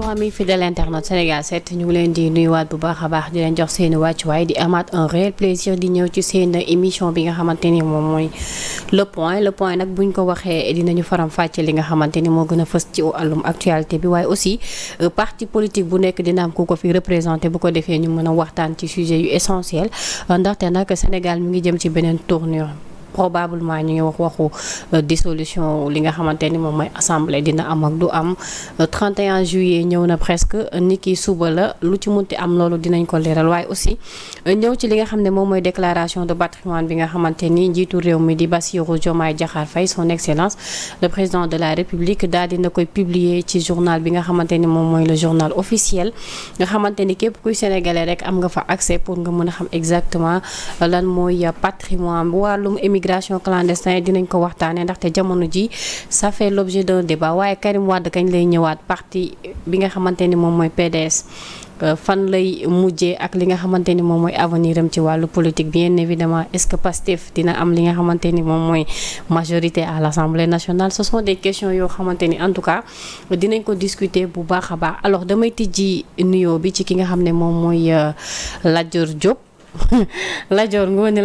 bonjour fi fidèles internautes Sénégal 7 ñu ngi leen di nuyuwaat bu baax a baax di leen jox wàcc wàccuwaay di amaat un réel plaisir di ñëw ci seen émission bi nga xamante ni moom mooy le point le point nag buñ ko waxee dinañu faram fàcce li nga xamante ni moo gën a fës ci wàllum actualité bi waaye aussi euh, parti politique bu nekk dina am ku ko fi représenté bu ko defee ñu mën a waxtaan ci sujet yu essentiel euh, ndaxte nag Sénégal mi ngi jëm ci beneen tournure probablement ñu ngi wax waxu euh, dissolution li nga xamante ni moom mooy assemblée dina am ak du am 31 euh, juillet ñëw na presque euh, nit ki suba la lu ci munti am loolu dinañ ko leeral waaye aussi ñëw ci li nga xam ne moom mooy déclaration de patrimoine bi nga xamante ni njiitu réew mi di Bassirou Diomaye Diakhar Faye son excellence le président de la république daal dina koy publier ci journal bi nga xamante ni moom mooy le journal officiel nga xamante ni képp kuy sénégalais rek am nga fa accès pour nga mën a xam exactement lan mooy immigration clandestine dinañ ko waxtaanee ndaxte jamono ji ça fait l'objet d'un débat waaye Karim Wade kañ lay ñëwaat parti bi nga xamante ni moom mooy PDS euh, fan lay mujjee ak li nga xamante ni moom mooy avenir am ci wàllu politique bien évidemment est-ce que Pastef dina am li nga xamante ni moom mooy majorité à l'Assemblée nationale ce sont des questions yoo xamante ni en tout cas dinañ ko discuter bu baax a baax alors damay tijji nuyoo bi ci ki nga xam ne moom mooy euh, Lat Dior Diop Lat Dior Ngoné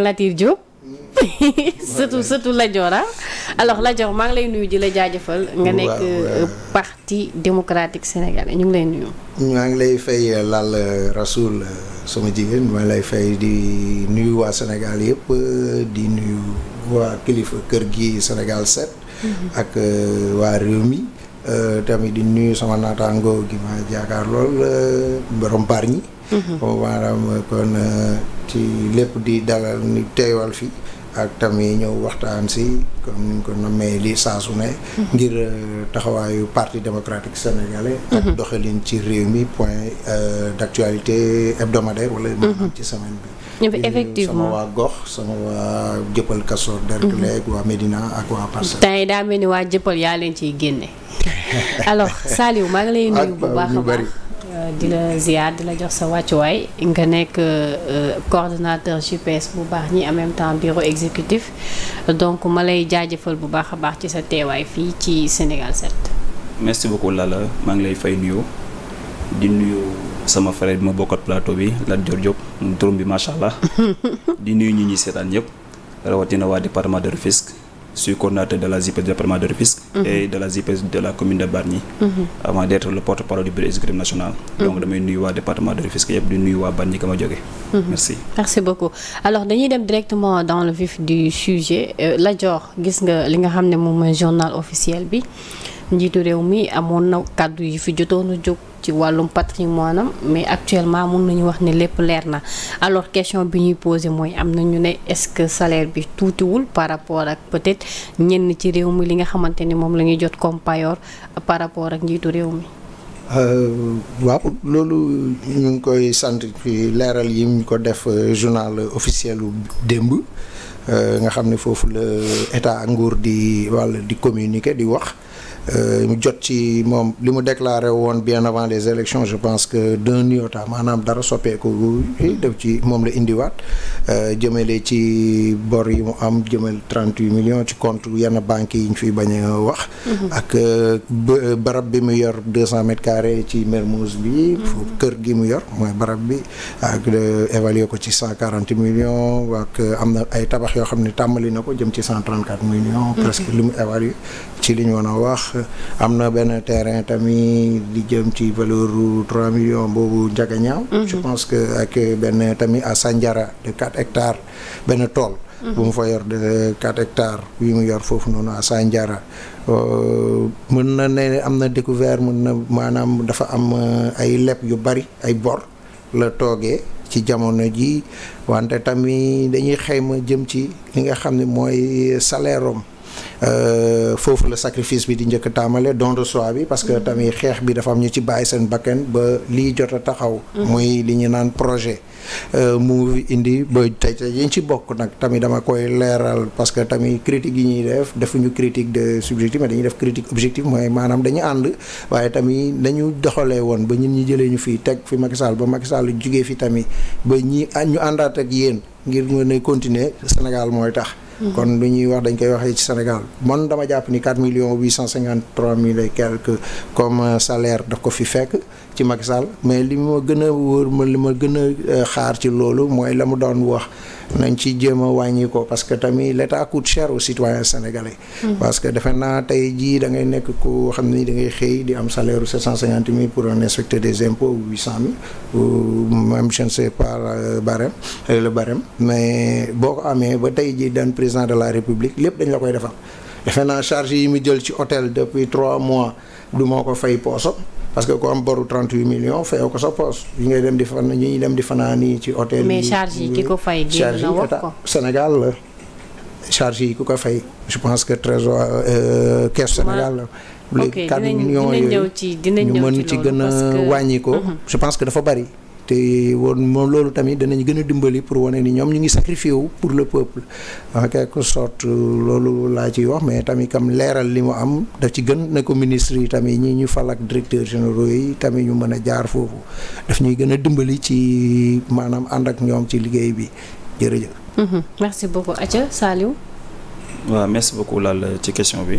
surtout surtout Lat Dior ah maa ngi lay nuyu di la jaajëfal nga nekk euh, parti démocratique sénégalais ñu ngi lay nuyu maa ngi lay fay euh, lal euh, Rasoul sama jigéen maa ngi lay fay di nuyu waa Sénégal yëpp di nuyu waa kilifa kër gi Sénégal 7 mhm. ak waa réew mi tamit di nuyu sama naataango gi ma jaakaar lool borom parñi mhm. maanaam kon ci lépp di dalal ni teewal fii ak tam yi ñëw waxtaan si comme ni ñu ko nommee lii saa ne. Mhm. ngir euh, taxawaayu parti démocratique sénégalais. Mhm. ak doxalin ci réew mi point euh, d'actualité hebdomadaire wala maanaam ci semaine bi. effectivement sama waa gox sama waa jëppal Kastoor. Derklé mhm. waa Médina ak waa Parcelles. temps yi daa mel ni waa jëppal yaa leen ciy génne. alors Saliou maa ngi lay bu baax a baax di la ziar di la jox sa wàccuwaay nga nekk euh, coordonnateur GPS bu baax ñi en même temps bureau exécutif donc ma lay jaajëfal bu baax a baax ci sa teewaay fii ci Sénégal 7. merci beaucoup Lalla maa ngi lay fay nuyoo di nuyu sama frère bi ma bokkat plateau bi Lat Dior Diop mu turam bi macha allah di nuyu ñi ñuy seetaan ñëpp rawatina waa département de Rufisque. Je suis coordinateur de la ZIPES du département de Rufisque mhm. de de la commune de Bargny mm -hmm. avant d'être le porte du bureau mhm. waa département de Rufisque yëpp mhm. dañuy dem directement dans le vif du sujet euh, Lat Dior gis nga li nga xam ne moom mooy journal officiel bi njiitu réew mi amoon na kàddu yi fi jotoon jóg ci wàllum patrimoine am mais actuellement mun nañu wax ne lépp leer na alors question bi ñuy posé mooy am na ñu ne est-ce que salaire bi tuutiwul par rapport ak peut-être ñenn ci réew mi li nga xamante ni moom la ñuy jot comme par rapport ak njiitu réew mi. Euh, waaw loolu ñu ngi koy sant fi leeral yi ñu ko def euh, journal officiel u démb euh, nga xam ni foofu la état nguur di wàll di communiquer di wax. Euh, mu jot ci moom li mu déclaré woon bien avant les élections je pense que d'un iota maanaam dara soppeeku def ci moom la indiwaat euh, jëmale ci bor yi mu am jëmal 38 millions ci compte yenn banque yi ñu fiy bañ a wax. Mhm. ak euh, barab bi mu yor 200 mètres carrés ci Mermoz bi. Mhm. kër gi mu yor mooy barab bi ak évalué ko ci cent 140 millions ak am na ay tabax yoo xam ne tàmbali na ko jëm ci 134 millions. Mhm. presque li mu ci li ñu mën am na benn terrain tamit di jëm ci valeur bu 3 millions boobu Njagañaaw. Mhm. je pense que ak benn tamit à Sandiara de 4 hectares benn tool. Mhm. bu mu fa yor de 4 hectares bi mu yor foofu noonu à Sandiara euh, mën na ne am na découvert mën na maanaam dafa am euh, ay leb yu bari ay bor la toogee. ci jamono ji wante tamit dañuy xayma jëm ci li nga xam ni mooy salaire Euh, foofu la sacrifice bi di njëkk taamale don de soi bi parce que mm-hmm. tamit xeex bi dafa am ñu ci bàyyi seen bakkan ba lii jot a taxaw mooy mm-hmm. li ñu naan projet euh, mu indi ba tey tey yiñ ci bokk nag tamit dama koy leeral parce que tamit critique yi ñuy def defuñu critique de subjectif mais dañuy def critique objectif mooy maanaam dañu ànd waaye tamit dañu doxalee woon ba ñun ñu jëlee ñu fii teg fi Macky Sall ba Macky Sall jugee fi tamit ba ñi ñu àndaat ak yéen ngir mën a continuer Sénégal mooy tax kon lu ñuy wax dañ koy waxee ci Sénégal man dama jàpp ni million 4 millions 853 mille et quelque comme euh, salaire daf ko fi fekk. ci Macky Sall mais li ma gën a wóor ma li ma gën a euh, xaar ci loolu mooy la mu doon wax nañ ci jéem a wàññi ko parce que tamit l'état coûte cher aux citoyens sénégalais. Hmm. parce que defe naa tey jii dangay ngay nekk ko xam ni da ngay xëy di am salaire ru 750 000 pour un inspecteur des impôts ou 800 000 ou même je ne euh, euh, le barème mais boo ko amee ba tey jii daan président de la république lépp dañ la koy defar defe naa charge yi mu jël ci hôtel depuis trois mois du moo ko fay poosam. parce que ku am boru 38 millions fayoo ko sa yi nga dem di fan ñi dem di fanaan yi ci hôtel. mais charge yi ki ko fay. génn na wax ko Sénégal la yi ku ko fay. je pense que trésor euh, caisse Sénégal la. ok dinañ dinañ ñëw ci dinañ ñu mën ci gën a wàññi ko. Mhm. je pense que dafa bari. te woon moom loolu tamit danañ gën a dimbali pour wane ni ñoom ñu ngi sacrifié wu pour le peuple en quelque sorte loolu laa ciy wax mais tamit kam leeral li mu am daf ci gën na ko ministre yi tamit ñu fal ak directeur généraux yi tamit ñu mën a jaar foofu daf ñuy gën a dimbali ci maanaam ànd ak ñoom ci liggéey bi jërëjëf. Mhm. merci beaucoup Adja Saliou. waaw merci beaucoup Lal ci question bi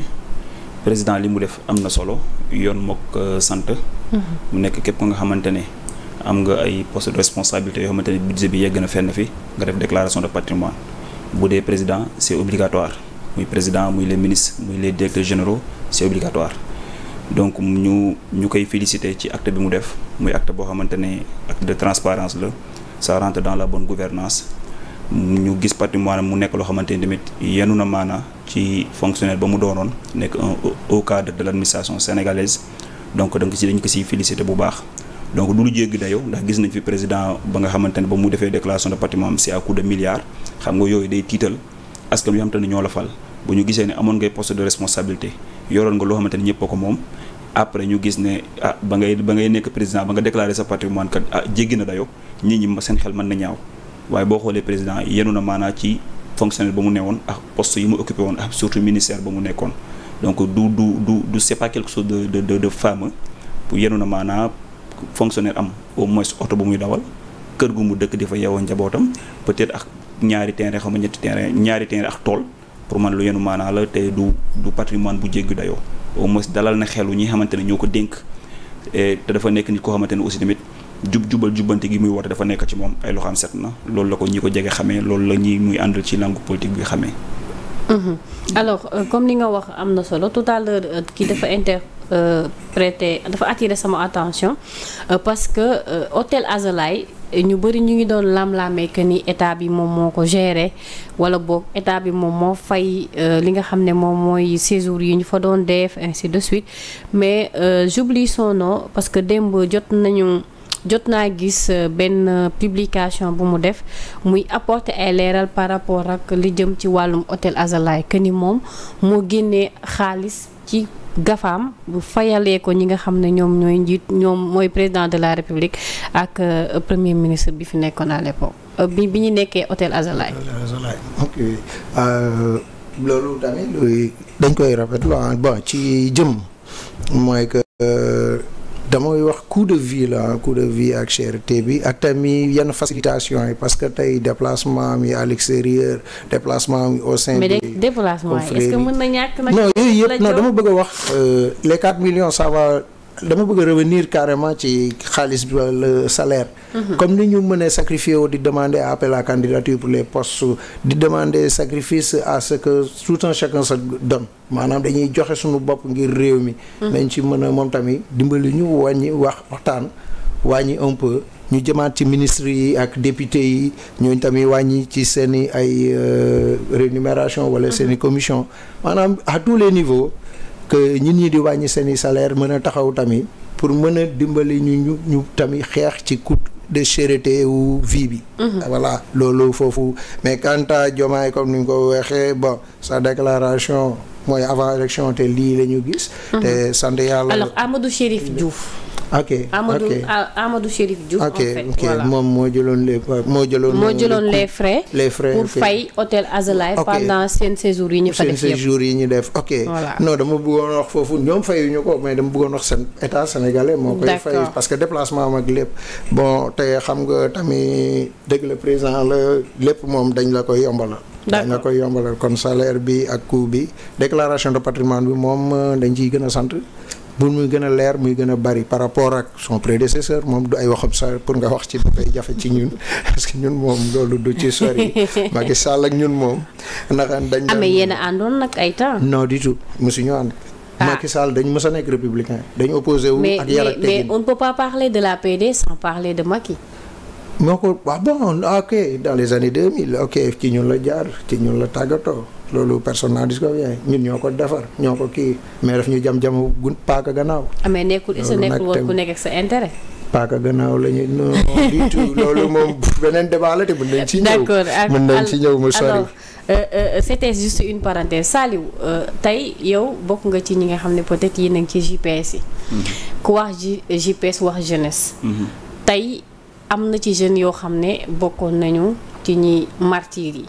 président li mu def am na solo yoon mook euh, sant. Mhm. mu nekk képp nga xamante ne. am nga ay poste de responsabilité yoo xamante ne budget bi yegg na fenn fi nga def déclaration de patrimoine bu dee président c' est obligatoire muy président muy les ministres muy les directeurs généraux c' est obligatoire donc ñu ñu koy féliciter ci acte bi mu def muy acte boo xamante ne acte de transparence la ça rentre dans la bonne gouvernance ñu gis patrimoine mu nekk loo xamante ni tamit yenu na maana ci fonctionnaire ba mu doonoon nekk un au cadre de l' administration sénégalaise donc donc si dañ ko siy féliciter bu baax donc du lu jéggi dayoo ndax gis nañ fi président ba nga xamante ne ba mu defee déclaration de patrimoine am c'est à coup de milliards xam nga yooyu day tiital askan wi nga xamante ne ñoo la fal bu ñu gisee ne amoon ngay poste de responsabilité yoroon nga loo xamante ne ñëpp a ko moom après ñu gis ne ah ba ngay ba ngay nekk président ba nga déclaré sa patrimoine kat ah jéggi na dayoo nit ñi seen xel man na ñaaw waaye boo xoolee président yenu na maanaa ci fonctionnaire ba mu newoon ak poste yi mu occupé woon ak surtout ministère ba mu nekkoon donc du du du du de de de fameux pour maanaa fonctionnaire am au moins oto bu muy dawal kër gu mu dëkk di fa yeewoo njabootam peut-être ak ñaari terrain xam nga ñaari terrain ak tool pour man lu yenu maanaa la te du du patrimoine bu jéggi dayoo au moins dalal na xelu ñi xamante ne ñoo ko dénk te dafa nekk nit koo xamante ne aussi tamit jub jubal jubbante gi muy woote dafa nekk ci moom ay loxo set na loolu la ko ñi ko jege xamee loolu la ñi muy àndal ci langue politique bi xamee. Mhm. alors euh, comme li nga wax Euh, prêter dafa attirer sama attention euh, parce que euh, hôtel Azalaï ñu bëri ñu ngi doon lam-laamee que ni état bi moom moo ko géré wala boog état bi moom moo fay li nga xam ne moom mooy séjour yi ñu fa doon def ainsi de suite mais j'oublie son nom parce que démb jot nañu jot naa gis benn publication bu mu def muy apporter ay leeral par rapport ak li jëm ci wàllum hôtel Azalaï que ni moom moo génnee xaalis ci gafam bu fayalee ko ñi nga xam ne ñoom ñooy njiit ñoom mooy président de la république ak euh, premier ministre bi fi nekkoon à l'époque euh, bi bi ñu nekkee hôtel Azalaï. Azalaï ok euh, loolu tamit dañ koy rafetlu ah, bon ci jëm mooy que. damay wax coût de vie la coût de vie ak cherté bi ak tamit yenn facilitation yi parce que tey déplacement am yi à l'extérieur déplacement am yi au sein déplacement est-ce que mën na ñàkk nag non yooyu yëpp non dama bëgg a wax euh, les 4 millions ça dama bëgg a revenir carrément ci xaalis bi la salaire. Mhm. comme ni ñu mënee sacrifier wu di demander appel à candidature pour les postes di demander sacrifice à ce que tout un chacun se donne maanaam dañuy joxe suñu bopp ngir réew mi. Mhm. nañ ci mën a moom tamit dimbali ñu wàññi wax waxtaan wàññi un peu. ñu jëmaat ci ministre yi ak député yi ñooñu tamit wàññi ci seen i ay euh, rémunération wala mhm. seen i commission maanaam à tous les niveaux que ñun ñi di wàññi seen i salaire mën a taxaw tamit pour mën a dimbali ñu ñu ñu tamit xeex ci coût de cherté wu vie bi. Mhm. voilà loolu foofu mais kanta à Diomaye comme ni ñu ko weexee bon sa déclaration. mooy avant élection te lii la ñu gis. Mhm. te sant yàlla. alors Amadou Chérif Diouf. ok Amadou okay. Ah, Amadou Chérif Diouf. ok moom moo jëloon le moo jëloon. moo jëloon les frais. les frais pour fay hôtel Azalaï. ok pendant seen séjour yi ñu fa def yëpp seen yi ñu def ok. no non dama bëggoon wax foofu ñoom fayuñu ko mais dama bëggoon wax seen état sénégalais. moo koy fay parce que déplacement am ak lépp. bon te xam nga tamit dëgg la président la lépp moom dañ la koy yombalal. daa nga koy yombalal kon salaire bi ak coût bi déclaration de patrimoine bi moom euh, dañ ciy gën a sant bu muy gën a leer muy gën a bari par rapport ak son prédécesseur moom du ay waxam sa pour nga wax ci dafay jafe ci ñun parce que ñun moom loolu du ci sori Macky Sall ak ñun moom naxaan dañ amee yéen a àndoon nag ay temps non du tout mosuñu ànd ah. Macky Sall dañ mës a nekk républicain dañ opposé wu ak yàlla mais on ne peut pas parler de moo ko wax ah, bon ah, ok dans les années 2000 ok ci ñun la jaar ci ñun la tàggatoo loolu personnal personnel discovient ñun ñoo ko defar ñoo ko kii mais daf ñu jam jamu gun paaka gannaaw. amee ah, nekkul isa nekkul woon ku nekk ak sa intérêt. paaka gannaaw la ñuy non du tout loolu moom beneen débat la te mën nañ ci ñëw. d'accord mën nañ ci ñëw mu euh, euh, euh, une parenthèse Saliou tey yow bokk nga ci ñi nga xam ne peut-être yéen ngi ci GPS yi. Mhm. ku wax ji GPS wax jeunesse. Mhm. tey. am na ci jeunes yoo xam ne bokkoon nañu ci ñi martyr yi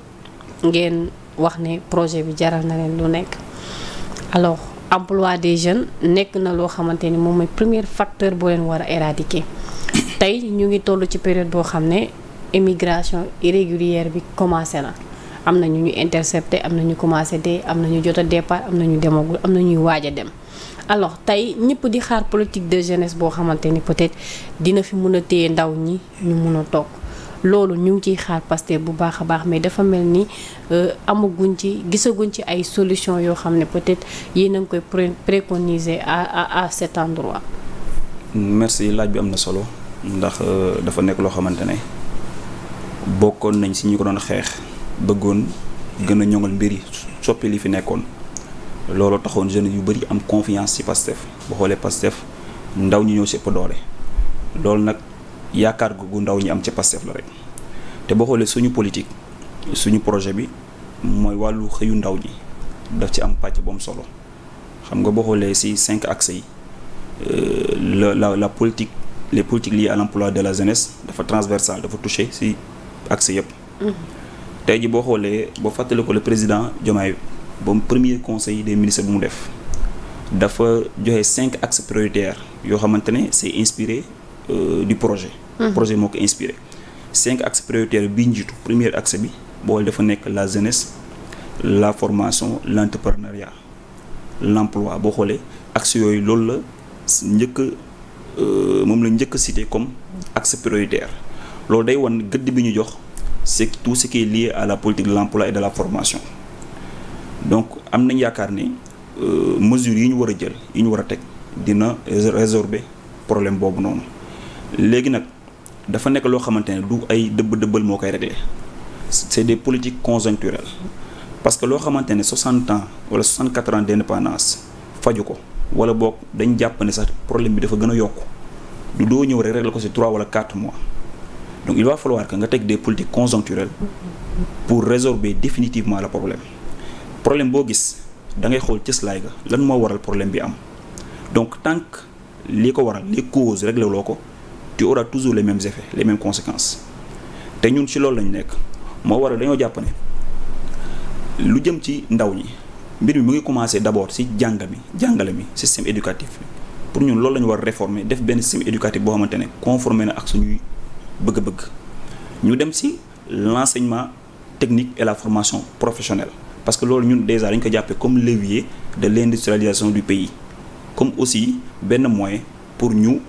ngeen wax ne projet bi jaral na leen lu nekk alors emploi des jeunes nekk na loo xamante ni moom mooy premier facteur boo leen war a éradiquer tey ñu ngi toll ci période boo xam ne immigration irrégulière bi commencé na am na ñu ñu intercepté am na ñu commencé dee am na ñu jot a départ am na ñu demagul am na ñuy waaj a dem alors tey ñëpp di xaar politique de jeunesse boo xamante ni peut-être dina fi mun a téye ndaw ñi ñu mun a toog loolu ñu ngi ciy xaar Pastef bu baax a baax mais dafa mel ni euh, amaguñ ci gisaguñ ci ay solution yoo xam ne peut-être yéen a ngi koy préconiser à à cet endroit. merci laaj bi am na solo ndax euh, dafa nekk loo xamante ne bokkoon nañ si ñu ko doon xeex bëggoon gën a ñoŋal mbir yi soppi li fi nekkoon. looloo taxoon jeunes yu bëri am confiance ci Pastef ba xoolee Pastef ndaw ñi ñëw ci ëpp doole loolu nag yaakaar googu ndaw ñi am ci Pastef la rek te boo xoolee suñu politique suñu projet bi mooy wàllu xëyu ndaw ñi daf ci am pàcc bu am solo xam nga boo xoolee ci cinq axes yi euh, la la la politique les politiques liées à l'emploi de la jeunesse dafa transversale dafa touché ci axes yëpp. Mmh. tey ji boo xoolee boo fàttali ko le président Diomaye ba premier conseil des ministres bu mu def dafa joxe cinq axes prioritaires yoo xamante ne c'est inspirer euh, du projet. projet moo ko inspiré. cinq axes prioritaires bi njiitu premier axe bi boole dafa nekk la jeunesse la formation l'entrepreneuriat l'emploi boo xoolee axe yooyu loolu la njëkk euh, moom la njëkk a cité comme axe prioritaire loolu day wan gëdd bi ñu jox c'est tout ce qui est à la politique de l'emploi et de la formation. donc am nañ yaakaar ni euh, mesures yi ñu war a jël yi ñu war a teg dina résorber problème boobu noonu léegi nag dafa nekk loo xamante ne du ay dëbb-dëbbal moo koy régler c'est des politiques conjoncturelles parce que loo xamante ne 60 ans wala 64 ans d'indépendance faju ko wala book dañ jàpp ne sax problème bi dafa gën a yokku du doo ñëw rek régler ko ci 3 wala 4 mois donc il va falloir que nga teg des politiques conjoncturelles pour résorber définitivement le problème problème boo gis da ngay xool cëslaay ga lan moo waral problème bi am donc tant que lii ko waral les causes réglé loo ko te auras toujours les mêmes effets les mêmes conséquences te ñun ci loolu lañu nekk moo waral dañoo jàpp ne lu jëm ci ndaw ñi mbir mi mu ngi commencé d'abord ci jàng mi jàngale mi système éducatif pour ñun loolu la ñu war réformer def benn système éducatif boo xamante ne conformé na ak suñuy bëgg-bëgg ñu dem ci l'enseignement technique et la formation professionnelle parce que loolu ñun déjà dañ ko jàppee comme levier de l'industrialisation du pays comme aussi benn moyen pour ñu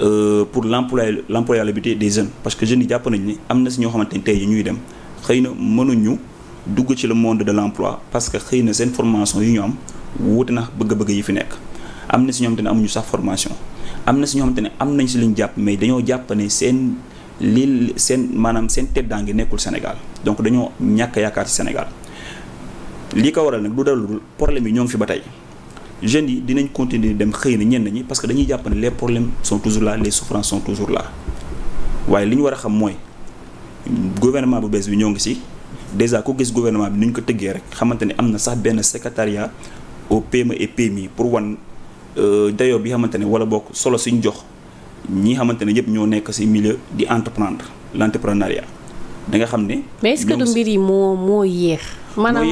euh, pour l'emploi l'employabilité des jeunes parce que jeune yi jàpp nañu ni am na si ñoo xamante ni tey ñuy dem xëy na mënuñu dugg ci le monde de l'emploi parce que xëy na seen formation yi ñu am wuute na bëgg-bëgg yi fi nekk am na si ñoo xamante amuñu sax formation am na si ñoo xamante ne am nañ si liñ jàpp mais dañoo jàpp ne seen li seen maanaam seen teddaa ngi nekkul Sénégal donc dañoo ñàkk yaakaar Sénégal lii ko waral nag du dalul problème yi ñoo ngi fi ba tey jeunes yi dinañ continuer dem xëy na ñenn ñi parce que dañuy jàpp ne les problèmes sont toujours là les souffrances sont toujours là waaye li ñu war a xam mooy gouvernement bu bees bi ñoo ngi si déjà ku gis gouvernement bi ni ñu ko tëggee rek xamante ne am na sax benn secrétariat au ma e et mii pour wan euh, dayoo bi xamante ne wala bokk solo suñ jox ñi xamante ne yëpp ñoo nekk si milieu di entreprendre l'entrepreneuriat da nga xam ne. mais est-ce du mbir yi moo moo yéex. maanaam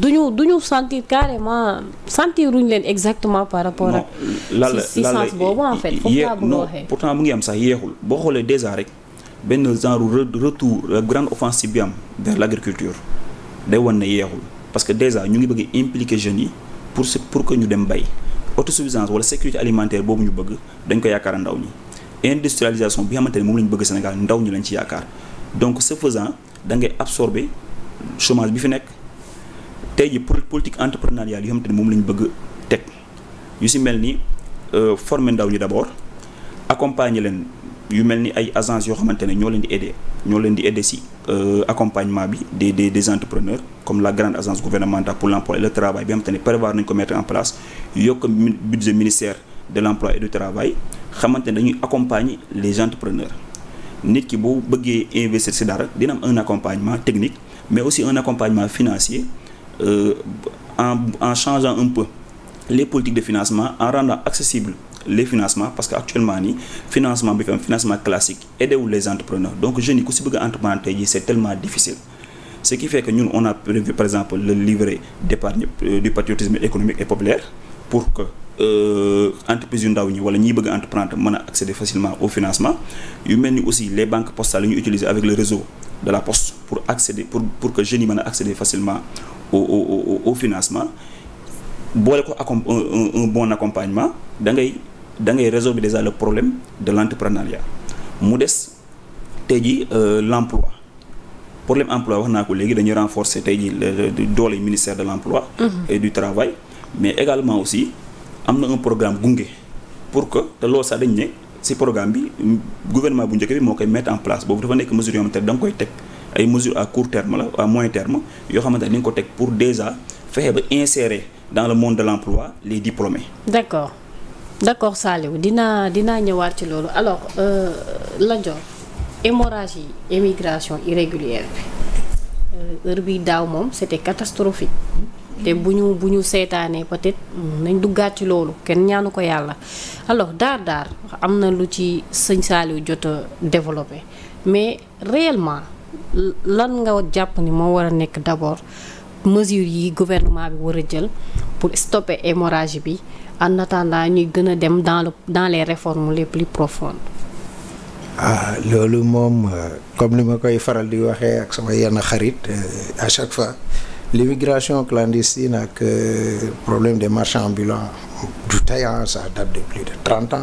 duñu du ñu sentir carrément sentir ruñ leen exactement par rapport ak. lalla si sens boobu en fait. foofu laa bëgg a pourtant mu ngi am sax yéexul boo xoolee déjà rek benn genre retour grande offensive bi am vers l'agriculture day wan ne yéexul parce que déjà ñu ngi bëgg impliquer jeunes yi pour pour que ñu dem bay autosuffisance wala sécurité alimentaire boobu ñu bëgg dañ ko yaakaar ndaw ñi industrialisation bi xamante ne moom bëgg Sénégal ndaw ñi lañ ci yaakaar. donc ce faisant da ngay absorber chômage bi fi nekk tey ji politique entrepreneuriale yoo xam te ne moom la ñu bëgg teg yu si mel ni euh, former ndaw ñi d' abord accompagner leen yu mel ni ay agence yoo xamante ne ñoo leen di aider ñoo leen di aider si euh, accompagnement bi des des des entrepreneurs comme la grande agence gouvernementale pour l' emploi et le travail bi xamante ne prévoir nañ ko mettre en place yokk budget ministère de l' emploi et du travail xamante ne dañuy accompagner les entrepreneurs nit ki boo bëggee investir si dara dinam am un accompagnement technique mais aussi un accompagnement financier euh, en en changeant un peu les politiques de financement en rendant accessible les financements parce que actuellement nii financement bi fi am financement classique aidewul les entrepreneurs donc jeunes yi ku si bëgg a entreprendre tey tellement difficile ce qui fait que ñun on a prévu par exemple le livret d' épargne euh, du patriotisme économique et populaire pour Euh, entreprise yu ndaw ñi wala ñiy bëgg entreprendre mën a accéder facilement au financement yu mel ni aussi les banques postales yu ñu utiliser avec le réseau de la poste pour accéder pour pour que jeunes yi mën a accéder facilement au financement boole ko accom un bon accompagnement dangay dangay da bi résoudre déjà le problème de l'entrepreneuriat mu des tey jii euh, l'emploi problème emploi wax naa ko léegi dañuy renforcer tey jii doole ministère de l'emploi mm-hmm. et du travail mais am na un programme gunge pour que te loolu sax dañ ne si programme bi gouvernement bu njëkk bi moo koy mettre en place boobu dafa nekk mesure yoo xamante ne da nga koy teg ay mesures à court terme la à moyen terme yoo xamante ne di ko teg pour déjà fexe ba insérer dans le monde de l'emploi les diplômés. d'accord d'accord Saliou dina dinaa ñëwaat ci loolu alors euh, lat hémorragie yi émigration irrégulière bi euh, heure bi daaw moom c'était catastrophique. te bu ñu bu ñu seetaanee peut-être mm, nañ duggaat ci loolu kenn ñaanu ko yàlla alors Daar Daar am na lu ci sëñ Saliou jot a développé mais réellement lan nga jàpp ni moo war a nekk d'abord mesures yi gouvernement bi war a jël pour stopper hémorragie bi en attendant ñuy gën a dem dans le dans les réformes les plus profondes. Ah, loolu moom euh, comme ni ma koy faral di waxee ak sama yenn xarit euh, à chaque fois. L'immigration clandestine ak euh, problème des marchands ambulants du Taïwan ça date de plus de trente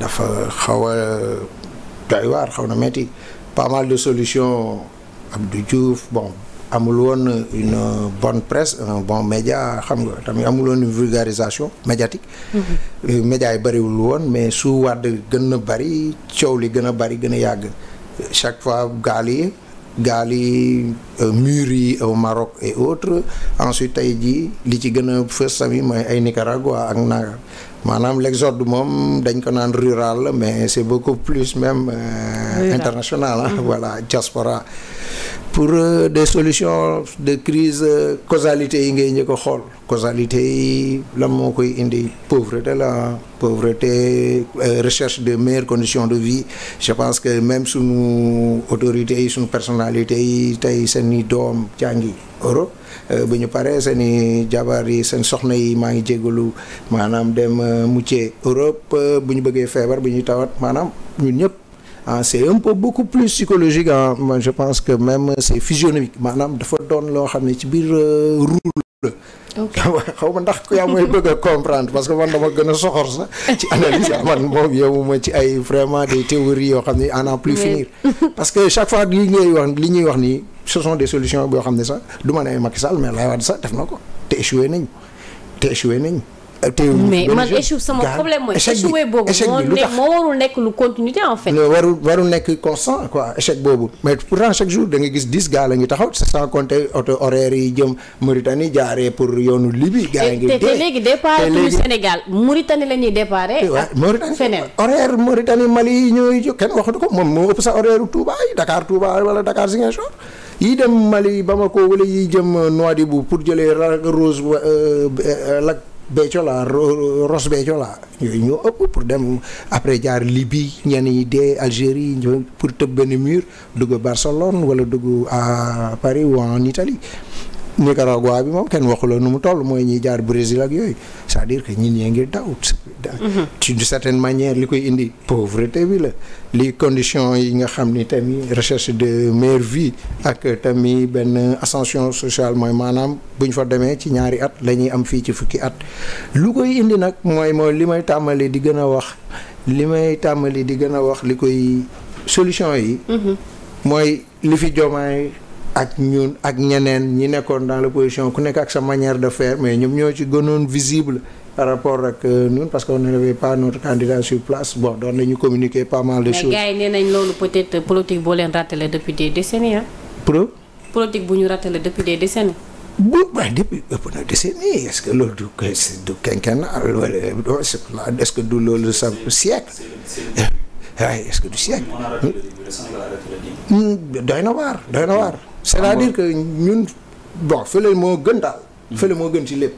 dafa xaw a xaw na metti pas mal de solutions Abdou Diouf bon amul woon une bonne presse bon média xam nga tamit amul woon une vulgarisation médiatique. Mhm. Euh, média yi bëriwul woon mais su wàdd gën a bëri coow li gën a bëri gën a yàgg chaque fois gaal yi. gaali euh, mur yi au Maroc et autres ensuite tey jii li ci gën a fës mooy ay Nicaragua ak naa maanaam l'exode moom dañ ko naan rural la mais c'est beaucoup plus même euh, international mm-hmm. voilà diaspora pour euh, des solutions de crise euh, causalité yi ngay njëkk a xool causalité yi lan moo koy indi pauvreté la pauvreté euh, recherche de meilleures conditions de vie je pense que même suñu autorités yi suñu personnalité yi tey seen i doom jàngi Europe Euh, bu ñu paree seen i jabar yi seen soxna yi maa ngi jégalu maanaam dem euh, muccee Europe euh, bu ñu bëggee feebar bu ñuy tawat maanaam ñun ñëpp. ah c'est un peu beaucoup plus psychologique ah je pense que même euh, c'est physionomique maanaam dafa doon loo xam ne ci biir euh, rôle la. xaw ma ndax am may bëgg a comprendre parce que man dama gën a soxor sax ci analyse ah, man moom yow ma ci ay vraiment des théories yoo xam ne en n'en plus finir parce que chaque fois li ngay wax li ñuy wax nii ce sont des solutions yoo xam ne sax du ma ne Macky Sall mais Ablaye Wade sax def na ko te échoué nañu te échoué nañu. mais man échoué sama problème mooy. échoué boobu moo moo warul nekk lu continuité en fait. warul warul nekk constant quoi échec boobu mais pourtant chaque jour da nga gis dix gars la ñu taxaw sans compter oto horaire yi jëm Mauritanie jaaree pour yoonu Libye. gars yi ngi dee te te léegi départ du Sénégal Mauritanie la ñuy départ. Eh? Mauritanie feneen horaire Mauritanie Mali yi ñooy jóg kenn waxatu ko moom moo ëpp sa horaire Touba yi Dakar Touba wala Dakar Ziguinchor. yii dem Mali Bamako Béthio la Ross Béthio la ñoo ëpp pour dem après jaar Libye ñenn ñi dee Algérie pour tëb benn mur dugg Barcelone wala dugg à Paris ou Italie Nicaragua bi moom kenn waxu la nu mu toll mooy ñiy jaar Brésil ak yooyu c'est-à-dire que ñin ñee ngir daw mm-hmm. d'une certaine manière li koy indi pauvreté bi la li condition yi nga xam ni tamit recherche de meilleure vie ak tamit benn ascension sociale mooy maanaam bu ñu fa demee ci ñaari at la am fii ci fukki at lu koy indi nag mooy mooy li may tàmbali di gën a wax li may tàmbali di gën a wax li koy solution yi mm-hmm. mooy li fi jomaay ak ñun ak ñeneen ñi nekkoon dans l'opposition ku nekk ak sa manière de faire mais ñoom ñoo ci gënoon visible par rapport ak euh, ñun parce que on n'avait pas notre candidat sur place bon doon nañu communiquer pas mal de choses. mais gars yi nee loolu peut-être politique boo leen rattale depuis des décennies ah. pro. politique bu ñu rattale depuis des décennies. bu ba depuis ëpp euh, na décennie est que loolu du du quinquennat est-ce que loolu sa siècle. waaye est du siècle. Hmm, doy na waar. cest à que ñun bon fële moo gën daal. fële moo gën ci lépp.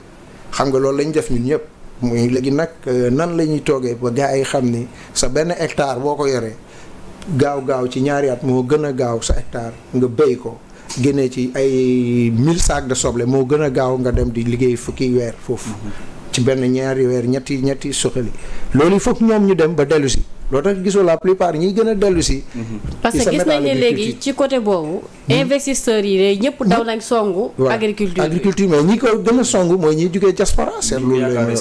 xam nga loolu lañ def ñun ñëpp muy léegi nag euh, nan la ñuy toogee ba gars ay xam ni sa benn hectare boo ko yoree gaaw gaaw ci ñaari at moo gën a gaaw sa hectare nga béy ko. génnee ci ay mille sacs de soble moo gën a gaaw nga dem di liggéey fukki weer foofu. Mm-hmm. ci benn ñaari weer ñetti ñetti suqali. loolu il faut ñoom ñu dem ba dellu si loolu tax gisoo la plupart ñiy gën a dellu si. Mm-hmm. parce que gis nañ ne léegi ci côté boobu. Mm-hmm. investisseurs yi de ñëpp daw nañ songu. agriculture agriculture mais ñi ko gën a songu mooy ñi jugee diaspora. seen loolu la ñu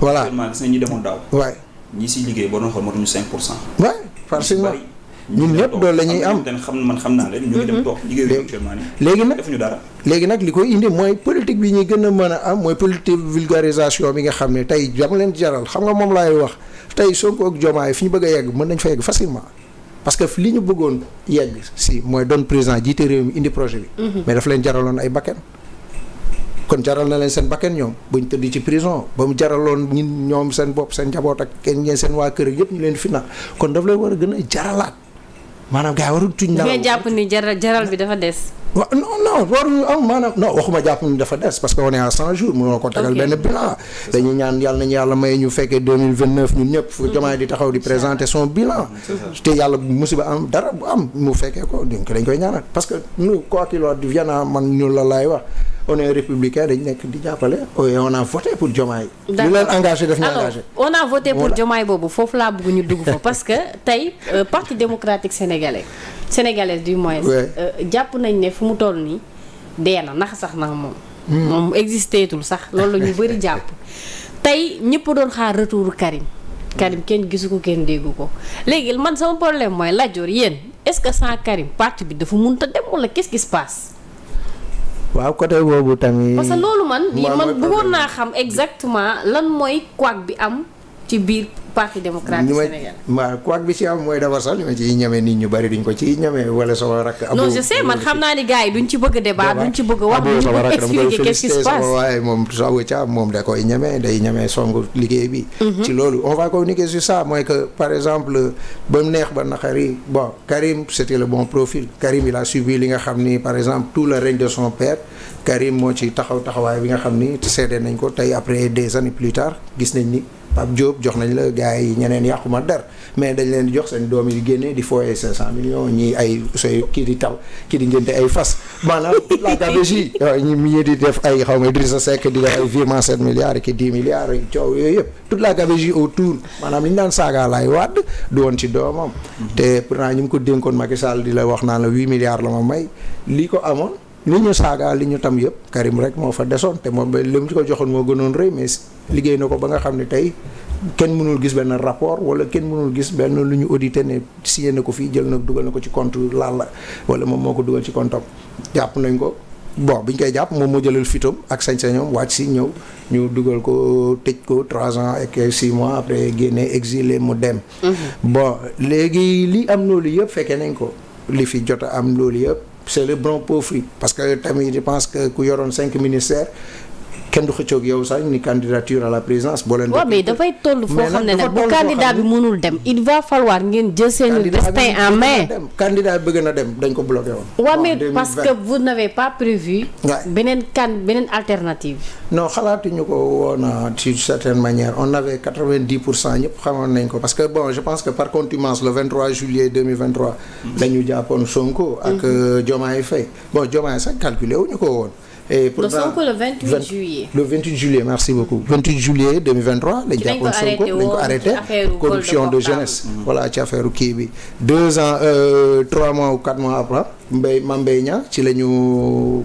voilà gis nañ demoon daaw. waay liggéey boo doon xool pour cent. waay ñun ñëpp doolu la ñuy am xam man xam naa leen ñu ngi dem mm-hmm. toog liggéey actuellement nii léegi nag defuñu dara léegi nag li koy indi mooy politique bi ñuy gën a mën a am mooy politique vulgarisation bi nga xam ne tey dama leen jaral xam nga moom laay wax tey Sonko ak Diomaye fi ñu bëgg a yegg mën nañ fa yegg facilement parce que li ñu bëggoon yegg si mooy doon président jiite réew mi indi projet bi mm-hmm. mais daf leen jaraloon ay bakken kon jaral na leen seen bakken ñoom buñ tëdd ci prison ba mu jaraloon ñun ñoom seen bopp seen njaboot ak kenn ñeen seen waa kër yëpp ñu leen fitna kon daf leen war a gën a maanaam gars yi warul tuñ. ndaw nga jàpp ni jaral jaral bi dafa des. waaw non non waruñu am maanaam non waxuma jàpp ni dafa des parce que on est à 100 jours mënoo ko tagal benn bilan. dañuy ñaan yàlla nañu yàlla may ñu fekkee ñun ñëpp. fu mm-hmm. Diomaye di taxaw di présenter son bilan. te yàlla musiba am dara bu am mu fekkee ko donc dañ koy ñaanal parce que nous quoi qu'il en ah, man ñu la laay wax. on républicain dañ nekk di jàppale on a voté pour Diomaye. d' accord lu leen engagé daf ñu engagé. on a voté pour Diomaye boobu foofu laa bëgg fu mu toll nii dee na nax sax na moom. moom existeetul sax loolu la ñu bëri jàpp. tey ñëpp doon xaar retour Karim. Karim kenn gisu ko kenn déggu ko léegi man sama problème mooy Lat Dior yéen est-ce que sans Karim parti bi dafa mënut a dem wala qu'est-ce qui se passe. waaw côté boobu tamit. parce que loolu man. man bëggoon naa xam exactement lan mooy couac bi am. ci biir parti démocratique Sénégal. ma quoi bi si am mooy dafa sax li ma ciy ñeme nit ñu bari duñ ko ciy ñeme wala sama rakk. non je sais man xam naa ni gars yi duñ ci bëgg a débat duñ ci bëgg a wax. a expliquer quest moom Sabou koy ñeme day ñeme songu liggéey bi. Mhm. ci loolu on va communiquer mooy que par exemple ba mu neex ba naqari bon Karim c'était bon profil Karim il a subi li nga xam ni par exemple tout le règne de son père. Karim moo ci taxaw taxawaay bi nga xam ni seede nañ ko tey après des ni. ab Diop jox nañ la gars yi ñeneen yàquma der mais dañ leen jox seen doom yi di génne di fooyee 500 millions ñii ay sooy kii di tal kii di ngénte ay fas maanaam la gabegie waaw ñi ñii di def ay xaw ma Idrissa Seck di def ay virement 7 milliards ki 10 milliards coow yooyu yëpp toute la gabegie autour maanaam li ñu daan saagaa laay wadd du woon ci doomam mhm. te pourtant ñu ngi ko dénkoon Macky Sall di la wax naa la 8 milliards la ma may lii ko amoon li ñu saaga li ñu tam yëpp Karim rek moo fa desoon te moom li mu ci ko joxoon moo gënoon rëy mais liggéey na ko ba nga xam ne tey kenn mënul gis benn rapport wala kenn mënul gis benn lu ñu audité ne signé na ko fii jël na dugal na ko ci compte laal la wala moom moo ko dugal ci compte am jàpp nañ ko bon bi ñu koy jàpp moom moo jëlal fitam ak sañ-sañoom wàcc si ñëw ñu dugal ko tëj ko trois ans et six mois après génne exilé mu dem. Mhm. bon léegi li am loolu yëpp fekkee nañ ko li fi jot am loolu yëpp. c'est le bon profit parce que tamit je pense que ku yoroon cinq ministères kenn du xëccoog yow sax ni candidature à la présidence boo leen. waaw mais dafay toll foo xam ne nag bu candidat bi mënul dem il va falloir ngeen jël seen destin en main. candidat bi bëgg na dem dañ ko bloqué woon. waaw mais parce que vous n'avez pas prévu. beneen kan beneen alternative. non xalaatuñu ko woon ci euh, certaine manière on avait quatre-vingt-dix pour cent ñëpp xamoon nañ ko parce que bon je pense que par contumace le 23 juillet 2023. Mm. la ñu jàppoon Sonko. ak mm-hmm. euh, Diomaye Faye bon Diomaye sax calculé wuñu ko woon. et pour Sonko le 28 20, juillet. le 28 juillet merci beaucoup 28 juillet 2023. lañ jàppoon Sonko dañ ko arrêté corruption de jeunesse. Mm. voilà ci affaire kii bi deux ans euh, trois mois ou quatre mois après Mbaye Mame Mbaye ci la ñu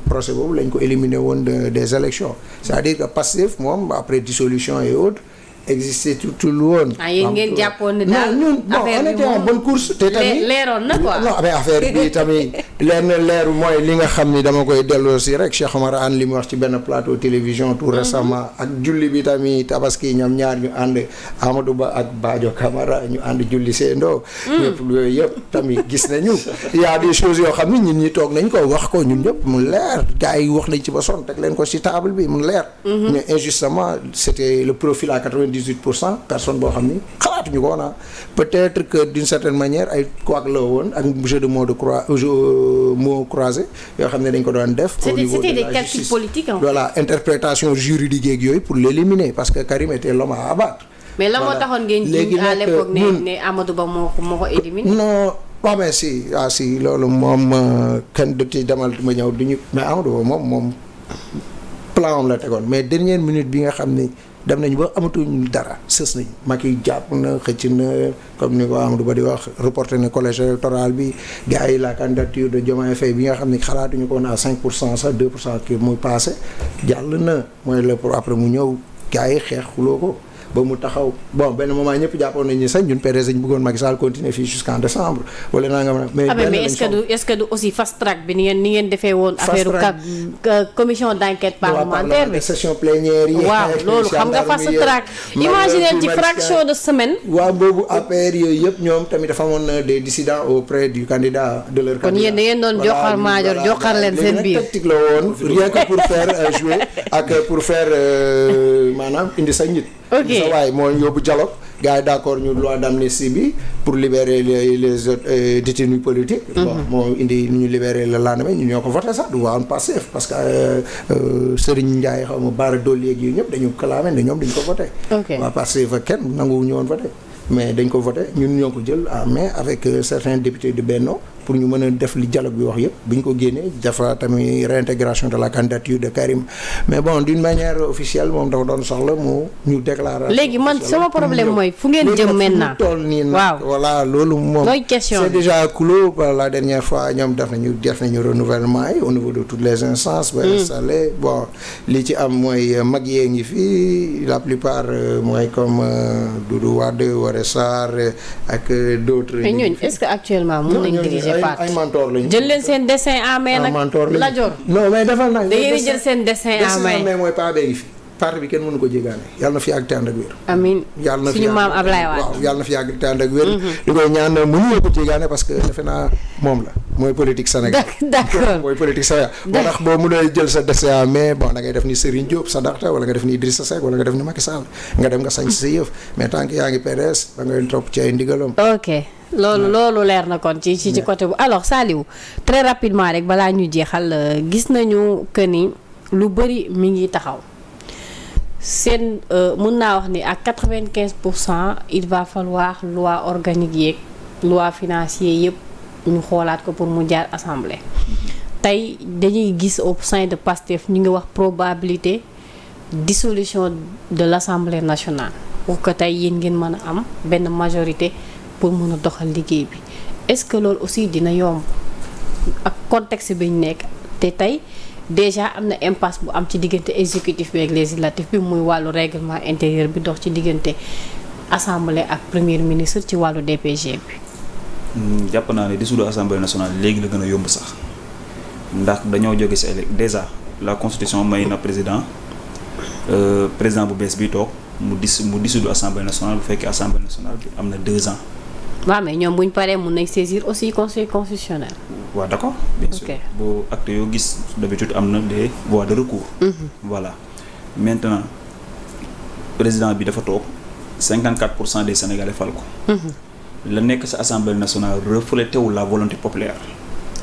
procès boobu lañ ko éliminé woon des élections c'est-à-dire que Pastef moom après dissolution et autres. existé tutul woon. ah yéen ngeen jàppoon ne daal ñun bon course. te tamit leeroon na quoi non mais affaire bi tamit leer na leeru mooy li nga xam ni dama koy delloo si rek Cheikh Omar Anne li mu wax ci benn plateau télévision tout récemment mhm. ak julli bi tamit tabaski ñoom ñaar ñu ànd Amadou Ba ak Badio Camara ñu ànd julli seendoo. Mm. ñëpp yooyu yëpp tamit gis nañu. y a des choses yoo xam ni ñun ñi toog nañ ko wax ko ñu ñëpp mu leer gars yi wax nañ ci ba sonn teg leen ko si table bi mu leer. Mhm. mais 98 pour cent personne boo xam ni xalaatuñu ko woon ah peut-être que d'une certaine manière ay couac la woon ak jeu de mots de croix euh, euh, mots croisés yoo xam ne dañ ko doon def. au niveau de la justice yooyu pour l'éliminer parce que Karim était l'homme mais la moo taxoon ngeen jiw à ne Amadou Ba ah, moom euh, ma ñëw du ñu moom plan am la tegoon mais dernière minute bi nga xam ni. dem nañu ba amatuñ dara sës nañu yi jàpp na xëcc na comme ni ko du Ba di wax reporté na collège électoral bi gars yi la candidature de Diomaye Faye bi nga xam ne xalaatuñu ko woon à pour cent sax 2 pour cent kii muy passé jàll na mooy la pour après mu ñëw gars yi xeex xuloo ko. ba mu taxaw bon benn moment ñëpp jàppoon nañ ni sax ñun PDS dañu bëggoon Macky Sall continuer fii jusqu'en décembre wala naa nga mais ah, mais est-ce que du est-ce du aussi fast track bi ni ngeen ni ngeen defee woon affaire track euh, imaginer ci fraction de semaine waaw boobu APR yooyu yëpp ñoom tamit dafa amoon euh, des dissidents auprès du candidat de leur candidat kon yéen da ngeen doon joxar maajoor joxar leen seen biir euh, ak pour faire maanaam indi sa nit waaye moo yóbbu dialogue gars yi d' accord ñu loi d' amnistie bi pour libérer les les euh, détenus politiques mhm. bon moo indi ñu libérer le lendemain ñu ñoo ko voté sax du waawoon passif parce que euh, euh, Serigne Ndiaye xaw ma Bara Dolly ak ñëpp dañu clamé ne ñoom dañu ko voté waaw passif ak kenn nanguwu ñu woon voté mais dañ ko voté ñun ñoo ko jël en main avec certains députés de Benno pour ñu mën a def li dialogue bi wax yëpp bi ñu ko génnee dafa tamit réintégration de la candidature de Karim mais bon d'une manière officielle moom dafa doon soxla mu ñu déclarer. léegi man sama problème mooy fu ngeen jëm maintenant toll nii nag voilà loolu moom c'est déjà clos par la dernière fois ñoom def nañu def nañu renouvellement yi au niveau de toutes les instances ba installé hmm. bon li ci am mooy euh, mag yee ngi fii la plupart euh, mooy comme euh, Doudou Wade Woré Sarr ak d'autres ñooñu est-ce que parti ay mentor lañu. jël leen seen dessin en main ah, nag mentor la jor non mais defal naa da ngeen di jël seen dessin en main dessin en main mooy pas fi parti bi kenn mënu ko jégaane yàlla na fi yàgg te ànd ak wér. amiin suñu maam Ablaye Wade waaw yàlla na fi yàgg te ànd ak wér. Mm-hmm. li koy ñaan mënuñoo ko jégaane parce que defe naa moom la mooy politique Sénégal. d'accord mooy politique Sénégal. moo tax boo mënee jël sa dessin mais bon da ngay def ni Serigne Diop Sadarta wala nga def ni Idrissa Seck wala nga def ni Macky Sall nga dem nga sañ si sa yëf mais tant que yaa ngi PDS da ngay topp ci ay ndigalam. ok. loolu loolu leer na kon ci ci ci côté bu alors Saliou très rapidement rek balaa ñu jeexal euh, gis nañu que ni lu bëri mi ngi taxaw seen euh, mën naa wax ni ak quatre-vingt-quinze pour cent il va falloir loi organique yeeg loi financier yëpp ñu xoolaat ko pour mu jaar assemblée tey dañuy gis au sein de PASTEF ñu ngi wax probabilité dissolution de l'Assemblée nationale pour que tey yéen ngeen mën a am benn majorité. pour mën a doxal liggéey bi est-ce que loolu aussi dina yomb ak contexte bi ñu nekk te tey déjà am na impasse bu am ci diggante exécutif bi ak législatif bi muy wàllu règlement intérieur bi dox ci diggante assemblée ak premier ministre ci wàllu DPG bi. Hmm, jàpp naa ne dissoudre assemblée nationale léegi la gën a yomb sax ndax dañoo jóge si élec déjà la constitution may na président euh, président bu bees bi toog mu dis mu dissoudre assemblée nationale bu fekkee assemblée national bi am na deux ans. waaw mais ñoom bu ñu paree mun nañ saisir aussi conseil constitutionnel. waaw d' accord. acte yoo gis d' habitude am na des voies de recours. Mhm. voilà maintenant président bi dafa toog 54 pour cent des sénégalais fal ko. Mhm. la nekk sa assemblée nationale reflété wu la volonté populaire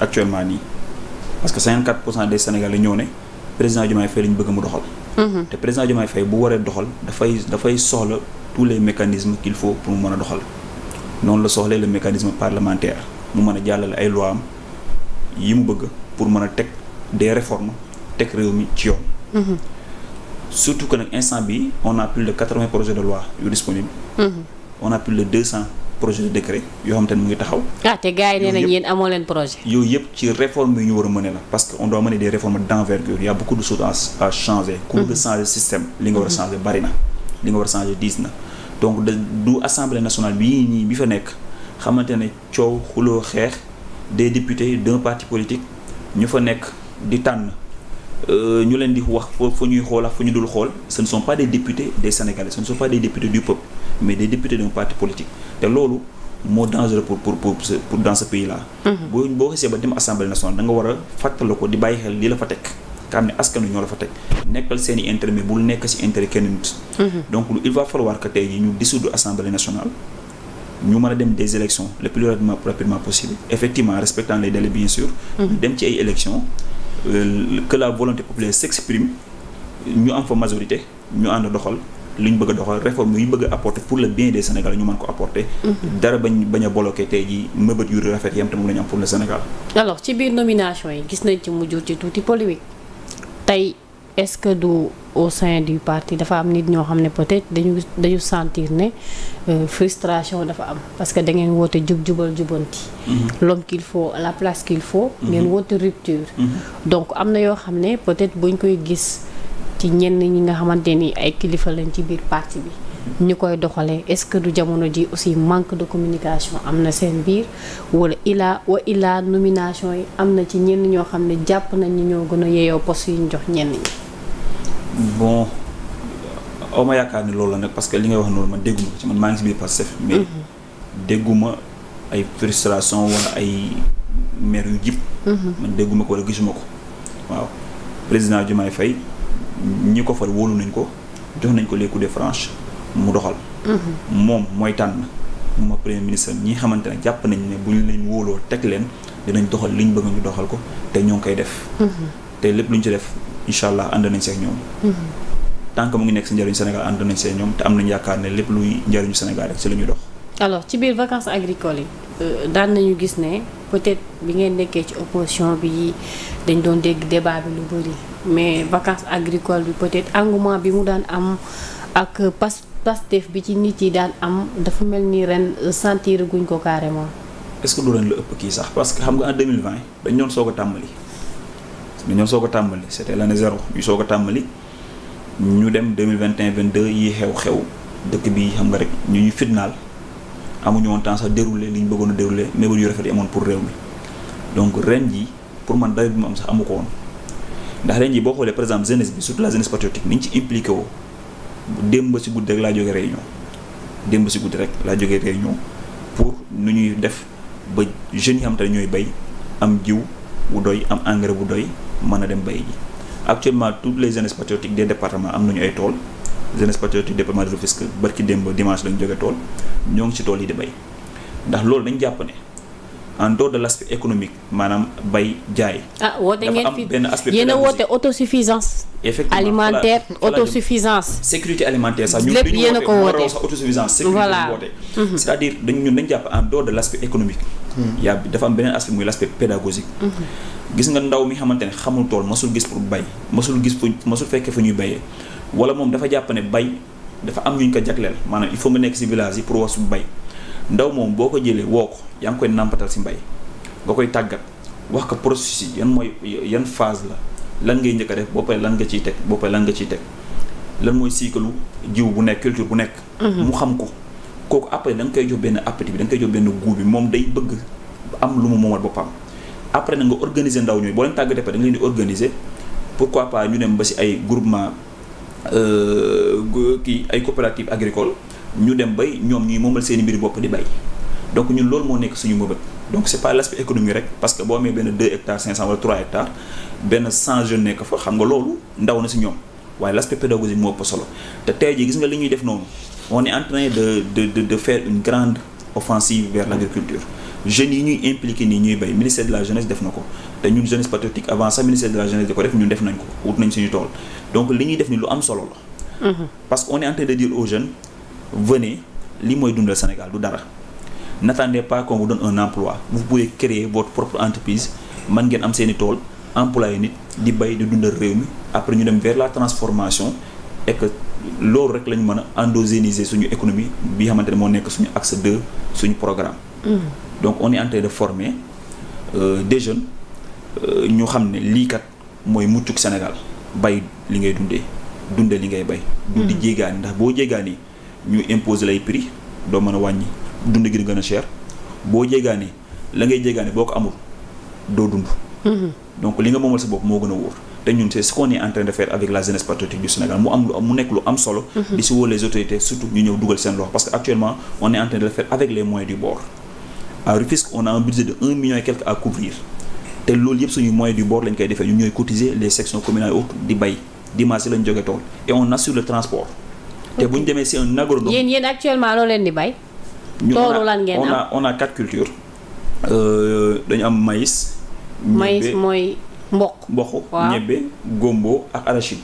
actuellement nii parce que 54 pour cent de sénégalais ñoo ne président Diomaye Faye la ñu bëgg mu doxal. Mhm. te président Diomaye Faye bu waree doxal dafay dafay soxla tous les mécanismes qu'il faut pour mu mën a doxal. noonu la soxlee le mécanisme parlementaire mu mën a jàllale ay loi am yi mu bëgg pour mën a teg des réformes teg réew mi ci yoon. Mhm. surtout que nag instant bi on a plus de quatre-vingts projets de loi yu disponible mhm. on a plus de deux cents projets de décret yoo xam te mu ngi taxaw. ah te gars yi nee nañ yéen leen projet. yooyu yëpp ci réforme yi ñu war a mëne la parce que on doit y a beaucoup de choses à changer. ku bëgg a li nga war a mhm. changer bari na li nga war a changer na. donc da du assemblée nationale bii nii bi fa nekk xamante ne coow xuloo xeex des député d'un parti politique ñu fa nekk di tànn euh, ñu leen di wax fu ñuy xool fu ñu dul xool ce ne sont pas des députés des sénégalais ce ne sont pas des députés du peuple mais des députés d'un parti politique te loolu moo dangereux pour pour pour pour dans ce pays là. Mhm. boo boo xasee ba dem assemblée nationale da nga war a fàttali ko di bàyyi xel li la fa teg. nga xam ne askan wi ñoo la fa teg nekkal seen i intérêt mais bul nekk si intérêt kenn nit mhm. donc il va falloir que tey jii ñu dissoudre assemblée nationale ñu mën a dem des élections le plus rapidement possible effectivement respectant les délais bien sûr mhm. dem ci ay élections euh, que la volonté populaire s'exprime ñu am fa majorité ñu ànd doxal li ñu bëgg a doxal réforme yu bëgg a apporter pour le bien des Sénégalais ñu mën ko apporter. Mhm. dara bañ bañ a bloqué tey jii tey est-ce que du au sein du parti dafa am nit ñoo xam ne peut-être dañu dañu sentir ne euh, frustration dafa am parce que da ngeen woote jub jubal jubanti mhm. l'homme qu'il faut la place qu'il mhm. ngeen woote rupture mhm. donc am na yoo xam ne peut-être buñ koy gis ci ñenn ñi nga xamante ni ay kilifa lañ ci biir parti bi ñu koy doxalee est-ce que du jamono ji aussi manque de communication am na seen biir wala ilaa wa ilaa nomination yi am na ci ñenn ñoo xam ne jàpp nañ ñi ñoo gën a yeeyoo poste yu ñu jox ñenn ñi. bon aw ma yaakaar ni loolu la nag parce que li ngay wax noonu man dégguma ci man maa ngi si biir Pastef mais mhm. dégguma ay frustration wala ay maire yu jib mhm. man dégguma ko wala gisuma ko waaw président Diomaye Faye ñi ko fal wóolu nañ ko jox nañ ko les coups de franche mu doxal. moom mooy tànn moom premier ministre ñi xamante ne jàpp nañ ne bu ñu leen wóoloo teg leen dinañ doxal liñ bëgg ñu doxal ko te ñoo ngi koy def. te lépp luñ ci def incha allah ànd nañ seeg ñoom. tant que mu ngi nekk si njëriñu Sénégal ànd nañ seeg ñoom te am nañ yaakaar ne lépp luy njëriñu Sénégal rek si dox. alors ci biir vacances agricoles yi. Euh, daan nañu gis ne peut-être bi ngeen nekkee ci opposition bi dañ doon dégg débat bi lu bëri mais vacances agricoles bi peut-être engouement bi mu daan am ak pas Pastef bi ci nit yi daan am dafa mel ni ren sentir guñ ko carrément. est-ce que du ren la ëpp kii sax parce que xam nga en 2020 dañ doon soog a tàmbali dañ doon soog a tàmbali c'était l'année zéro ñu soog a tàmbali ñu dem 2021 22 yi xew-xew dëkk bi xam nga rek ñu ñu fitnaal amuñu woon temps sax déroulé li ñu bëggoon a déroulé mébét yu rafet yi amoon pour réew mi donc ren ji pour man dawe bi mu am sax amu ko woon ndax ren ji boo xoolee par exemple jeunesse bi surtout la jeunesse patriotique ci impliqué woo. démb si guddi rek laa jóge réunion démb ba si guddi rek laa jógee réunion pour nu ñuy def ba jeunes yi am te ñooy bay am jiw bu doy am engrais bu doy mën a dem bay ji actuellement toutes les jeunes patriotiques des départements am nañu ay tool jeunesse patriotique département de Rufisque barki démb dimanche lañu jóge tool ñoo ngi ci tool yi di bay ndax loolu dañ jàpp ne en dehors de l' économique maanaam bay jaay. ah woote benn aspect yéen a woote autosuffisance. effectivement alimentaire autosuffisance. sécurité alimentaire sax ñun dañu yéen a ko woote sax autosuffisance. sécurité voilà woote. Mhm. c' est à dire dañ ñun dañ jàpp en dehors de l' aspect mhm. dafa am beneen aspect muy l' aspect mhm. gis nga ndaw mi xamante ne xamul tool masul gis pour bay masul gis fu masul fekkee fu ñuy bayee wala moom dafa jàpp ne bay dafa am ñu ñu ko jagleel maanaam il faut nga nekk si village yi pour wasu bay ndaw moom boo ko jëlee woo ko yaa ngi koy nàmpatal si mbay nga koy tàggat wax ko processus yi yan mooy yan phase la lan ngay njëkk def boo lan nga ciy teg boo lan nga ciy teg lan mooy cycle jiw bu nekk culture bu nekk. Mhm. mu xam ko kooku après da koy jox benn appétit bi da koy jox benn goût bi moom day bëgg am lu mu moomal boppam. après na nga ndaw ñooy boo leen tàggatee pare da nga leen di organiser pourquoi pas ñu dem ba si ay groupement euh, kii ay coopérative agricole ñu dem bay ñoom ñuy moomal seen i mbir bopp di bay. donc ñun loolu moo nekk suñu mëbët donc c'est pas l'aspect économique rek parce boo amee benn 2 hectares 500 wala 3 hectares benn 100 jeunes nekk fa xam nga loolu ndaw na si ñoom waaye l'aspect pédagogique moo ëpp solo te tey jii gis nga li ñuy def noonu on est en train de de de de une grande offensive vers l'agriculture jeunes yi ñuy impliqué nii ñuy bay ministère de la jeunesse def na ko te ñun jeunesse patriotique avant sax ministère de la jeunesse li ñuy def ni lu am mm-hmm. li mooy dundal Sénégal n'attendez pas qu'on vous donne un emploi vous pouvez créer votre propre entreprise man ngeen am seen i tool employé nit di bay di dundal réew mi après ñu dem vers la transformation et que loolu rek la mën a endogéniser suñu économie bi xamante ne moo nekk suñu acce 2 suñu programme. Mm. donc on est en de former euh, des jeunes euh, ñu xam ne lii kat mooy muccuk Sénégal bay li ngay dundee dundee li ngay bay. du di mm. ndax boo jéggaani ñu imposer lay prix doo mën a wàññi. dund gi di gën a cher boo jéegaane la ngay jéegaane boo ko amul doo dund. Mhm. donc li nga moomal sa bopp moo gën a wóor. te ñun c'est ce qu'on est de faire avec la jeunesse patriotique du Sénégal mu am mu nekk lu am solo. Mhm. di si woo les autorités surtout ñu ñëw dugal seen loxo parce que actuellement on est de le avec les moyens du bord. à Rufisque on a un budget de un million et quelque à couvrir te loolu yëpp suñu moyens du bord lañ koy defee ñu ñu on a on a quatre cultures. Euh, dañu am maïs. maïs mooy mboq. mboq ñebbe gombo ak arachide.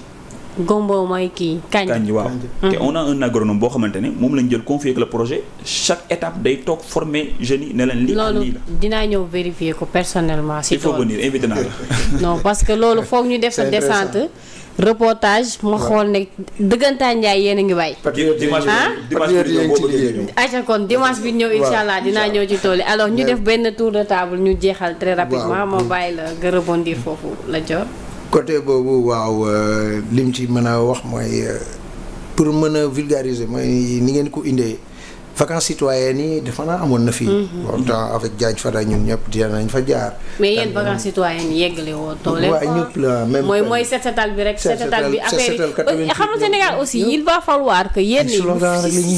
gombo mooy kii kañ. kañ waaw te mhm. on a un agronome boo xamante ne moom lañ jël confier ak le projet chaque étape day toog former jeunes yi ne leen. lii la dinaa ñëw vérifier ko personnellement. si tool il loolu foog ñu def sa descente. reportage ma xool ne dëggantaan njaay yéen a ngi bàyyi. ah ayca kon dimanche bi ñëw incha allah dinaa ñëw ci tool yi alors ñu def benn tour de table ñu jeexal très rapidement ma bàyyi la nga rebondir foofu la jor côté boobu waaw euh, lim ci mën a wax mooy euh, pour mën a vulgariser mooy ni ngeen ko indee. vacances citoyennes yi dafa naa amoon na fi mhm. loolu temps avec Diagne Fada ñun ñëpp di nañ fa jaar. mais yéen vacances citoyennes yeggale woo. tool leen mooy mooy set setal bi rek. set setal bi affaire yi xam nga Sénégal aussi il va falloir que yéen.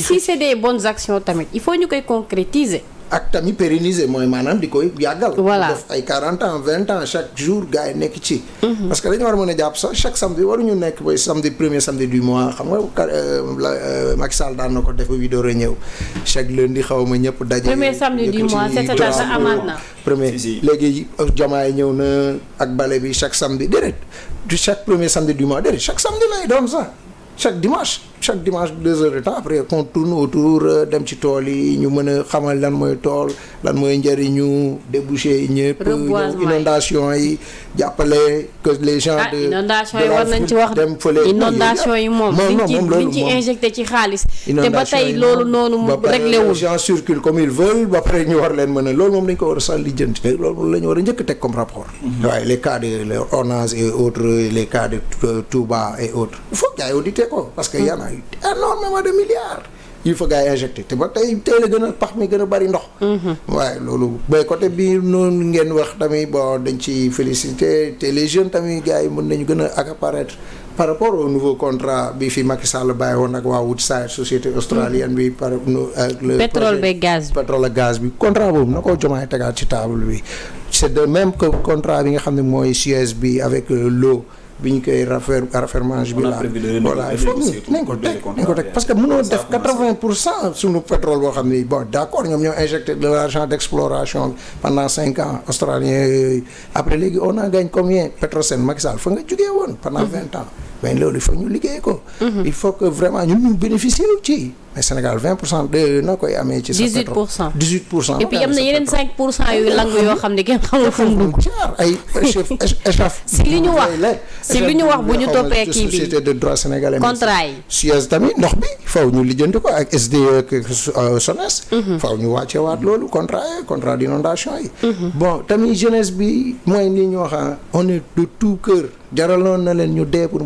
si c'est des bonnes actions tamit il faut ñu koy concrétiser. ak tamit pérenniser mooy maanaam di koy yàggal. voilà def ay 40 ans 20 ans chaque jour gars yi nekk ci. Mhm. parce que dañu war a mën a jàpp sax chaque samedi waruñu nekk ba samedi premier samedi du mois xam nga euh, la euh, Macky daan na ko def bi door a ñëw chaque lundi xaw ma ñëpp daje. premier samedi du mois cette année amaat euh, ñëw na ak bale bi chaque samedi déedéet du chaque premier samedi du mois déedéet chaque samedi lay doon sax chaque dimanche. chaque dimanche deux heures de temps après qu'on tourne autour euh, dem ci tool yi ñu mën a xamal lan mooy tool lan mooy njëriñu débouché yi ñëpp inondation yi jàppale que les gens ah, de inondation yi war nañ ci wax dem fële inondation yi moom liñ ci injecté ci xaalis te ba tey loolu noonu réglé wul gens circulent comme ils ñu war leen mën a loolu moom dañ ko war a li lijjanti loolu moom la ñu war a njëkk teg comme rapport waaye mhm. les cas de l'ONAS et autres les cas de euh, Touba et autres il faut que ko parce que mhm. yana eu énormément de milliards yu fa gars yi injecté te ba tey tey la gën a pax mi gën a bëri ndox mhm. waaye loolu bay côté bi noonu ngeen wax tamit bon dañ ci félicité te les jeunes tamit gars yi mën nañu gën a ak apparaître par rapport au nouveau contrat bi fi Macky Sall bàyyi woon ak waa Woodside société australienne bi par ak le pétrole bi gaz bi pétrole ak gaz bi contrat boobu na ko jomaay tegaat ci table bi c'est de même que contrat bi nga xam ne bi ñu koy raffaire raffermage bi la voilà foog ñu nañ ko teg nañ ko def quatre-vingt pour cent suñu boo xam ne bon d' accord ñoom ñoo de l' argent d' exploration cinq ans australien après léegi on a gagné combien Petrosen Macky Sall fa nga jugee woon pendant mhm. vingt ans mais loolu il ñu liggéey ko mhm. il faut que vraiment ñun ñu bénéficier ci mais Sénégal 20 pour cent de na koy amee. ci sa pétrole 18 pour cent 18 pour cent. et puis am na yeneen 5 pour cent yu lang yoo xam ne kenn xamul fu mu dugg. ay si li ñu wax bu ñu toppee kii bi société de droit sénégalais. contrat yi Suez tamit ndox bi faw ñu lijjanti ko ak SDE ak euh, SONES. Mhm. faw ñu wàcceewaat loolu contrat yi contrat d'inondation yi. Mhm. bon tamit jeunesse bi mooy ni ñu wax ah, on est de tout cœur. jaraloon na leen ñu dee pour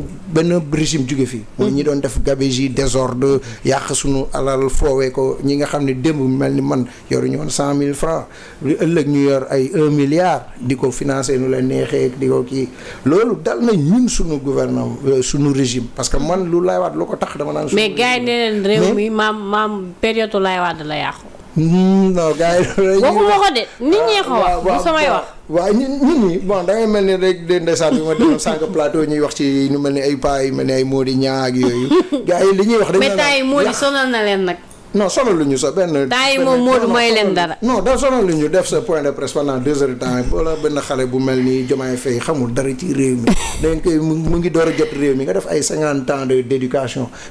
sunu alal foowee ko ñi nga xam ne démb mel ni man yoruñu woon cent mille francs lu ëllëg ñu yor ay un milliard di ko financer nu la neexee di ko kii loolu dal na ñun sunu gouvernement euh, sunu régime parce que man lu Laay Wàdd lu ko tax dama naan. mais gars yi nee nañ réew mi maam maam période Laay la yàqu. Hmm, non gars yi. ko de nit ñee ko wax. bu ah, samay wax. waaw ñu ñun ñi bon da mel ni rek de ndeysaan bi ma demoon sànq plateau ñuy wax ci ñu mel ni ay paa yu mel ni ay Mody Niang ak yooyu. gars yi li ñuy wax dañu. mais temps yi sonal na leen nag. non sonal lu ñu sa benn. temps yi moom Modou may leen dara. non da sonal lu ñu def sa point de presse pendant deux heures de temps wala benn xale bu mel ni Diomaye Faye xamul dara ci réew mi dañ koy mu ngi door a jot réew mi nga def ay cinquante ans de d'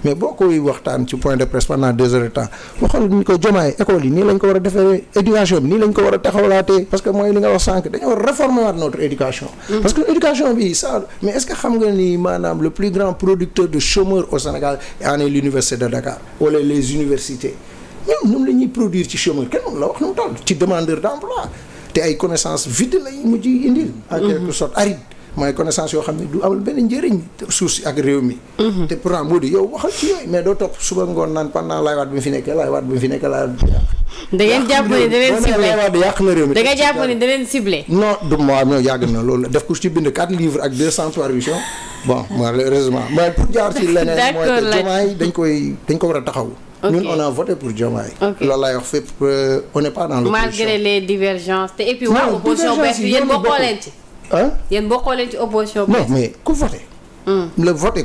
mais boo koy waxtaan ci point de presse pendant deux heures de temps waxal ñu ko Diomaye école yi nii lañ ko war a defee éducation bi nii lañ ko war a taxawalaatee parce que mooy li nga wax sànq dañoo réformer waat notre éducation. Mm-hmm. parce que éducation bi ça le plus ñoom ñoom la ñuy produire ci chômeur kenn moom la wax nu mu toll ci demandeur d'emploi te ay connaissance vide lay mujj indil. en mhm. quelque aride. mooy connaissance yoo xam ne du amal benn njëriñ suuf si ak réew mi. Mhm. te pourtant moo di yow waxal ci yooyu mais doo topp suba ngoon naan pendant Laay Wade bi mu fi nekkee Laay Wade bi mu fi nekkee Laay Wade. da ngeen jàpp ne da leen ciblé Laay na réew mi. da nga jàpp ne da leen ciblé. non du ma ñoo yàgg na loolu def ko ci bind 4 livres ak 200 parutions bon malheureusement mais pour jaar ci dañ koy dañ ko war a taxaw. ñun on a voté pour Diomaye. ok loolu laay wax fépp euh, on n'est pas dans l'opposition. malgré les divergences te ci. ah yéen bokkoo ci opposition bees. non mais ku voté. Hmm. le vote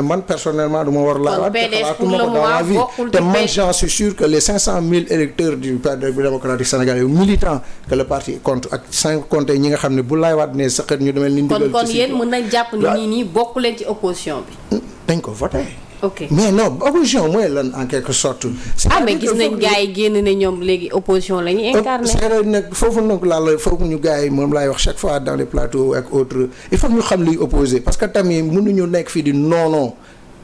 man personnellement ma war laa waat les 500 000 électeurs du Parti démocratique sénégalais yu compte ak cinq compté ñi nga xam ne bu laay waat ne sa xët ñu demee. li ñu digal ci kon nii nii bokk leen ci opposition bi. dañ ko voté. ok mais non opposition mooy lan en quelque sorte. ah mais gis nañ gars yi génn ne ñoom léegi opposition la ñuy incarné. nag foofu nag laa la foofu ñu gars yi moom laay wax chaque fois dans les plateaux ak autres il faut ñu xam liy opposé parce que tamit mënuñu nekk fii di non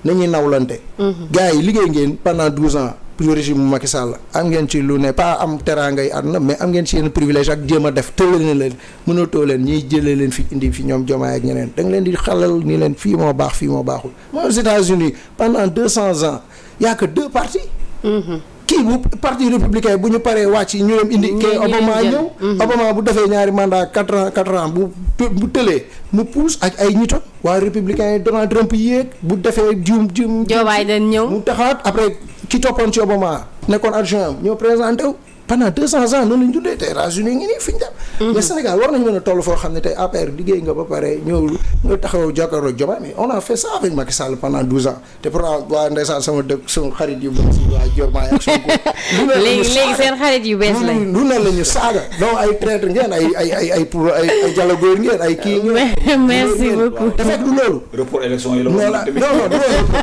nañuy nawlante. Mhm. gars yi liggéey ngeen pendant douze ans. pour régime Macky Sall am ngeen ci lu ne pas am teraangay àdduna mais am ngeen ci yenn privilège ak jéem def tële na leen mënatoo leen ñiy jëlee leen fi indi fi ñoom jomaay ak ñeneen da nga leen di xelal ni leen fii moo baax fii moo baaxul. mooy aux États-Unis pendant deux cent ans y deux partis. Mm-hmm. kii bu parti républicain bu ñu paree wàcc ñu dem indi kay Obama ñëw mhm. Obama bu defee ñaari mandat quatre ans quatre ans bu bu tëlee mu puus ak ay ñitam waaye républicain yi Donald Trump yéeg bu defee juum juum Joe Biden ñëw mu taxaat après ki toppoon ci Obama nekkoon adjoint ñoo présenté wu pendant deux cents ans noonu lañ dundee tey États-Unis ngi nii fi ñu dem mhm. mais Sénégal war nañ mën a toll foo xam ne tey APR liggéey nga ba pare ñëw nga taxaw jàkkaarloo Diomaye mais a te pourtant waa ndeysaan saaga donc ay traître ngeen ay ay pour ay ay jalagóor ngeen ay kii ngeen merci beaucoup te fekk du loolu report élection yi la non non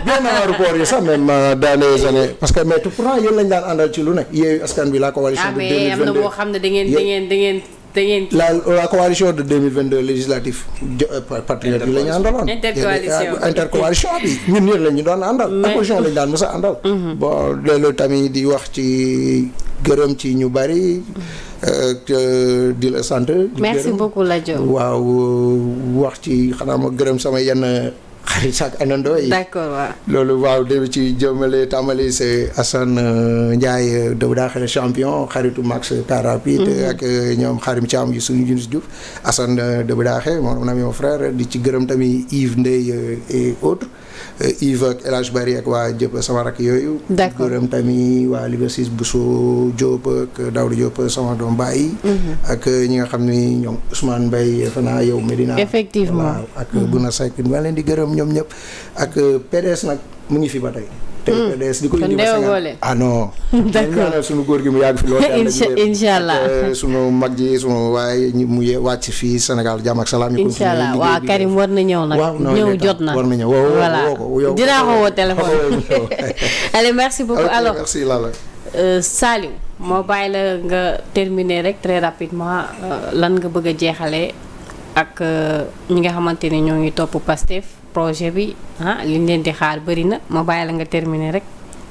bien avant report yi sax même euh, dans les années parce que mais pourtant yéen lañ daan àndal ci lu ne yeeyu askan bi laa ko coalition de ah, na boo xam ne da ngeen da ngeen da ngeen da ngeen. la la coalition de 2022 législatif. jo euh, patriote yi la ñu àndaloon. intercoalition bi ñun ñëpp la ñu doon àndal. opposition la daan mos a àndal. Mhm. bon loolu tamit di wax ci gërëm ci ñu bari. Euh, di la sant. di merci beaucoup Lat Diop waaw wax ci xanaa gërëm sama yenn. xarit ak anandoo yi. d'accord waaw. loolu waaw dem ci jëmale tàmbali c'est Assane euh, Ndiaye euh, Dóoda xale champion xaritu Max Carapide. Mhm. ak euh, ñoom xarim Thiam yu suñu Yunus Diouf. Assane Dóoda xale moom mon ami frère di ci gërëm tamit Yves Ndeye et autres. Eh, Yves ak El Hadj Bari ak waa Jëpp sama rakk yooyu. d'accord gërëm tamit waa Liberté Bousso Diop ak Daouda sama doom baay. Mhm. ak eh, ñi nga xam ni ñoom Ousmane Mbaye eh, fanaa yow Medina. effectivement waaw ak mhm. Bouna Seck maa leen di gërëm ñoom ñëpp. ak PDS nag mu ngi fi ba tey. tey mm. PDS di koy indi ba sañal ah non. d'accord sunu góor gi mu yàgg fi loolu. incha incha allah euh, sunu mag ji sunu waaye mu ye wàcc fii Sénégal jàmm ak salaam. incha allah waaw Karim war na ñëw nag. ñëw jot na war na ñëw woo woo dinaa ko woo téléphone. merci beaucoup alors merci Lala. Euh, Saliou moo bàyyi la nga terminer rek très rapidement euh, lan nga bëgg a jeexale ak ñi nga xamante ne ñoo ngi topp Pastef. projet bi ah li ñu di xaar bëri na ma bàyyi la nga terminer rek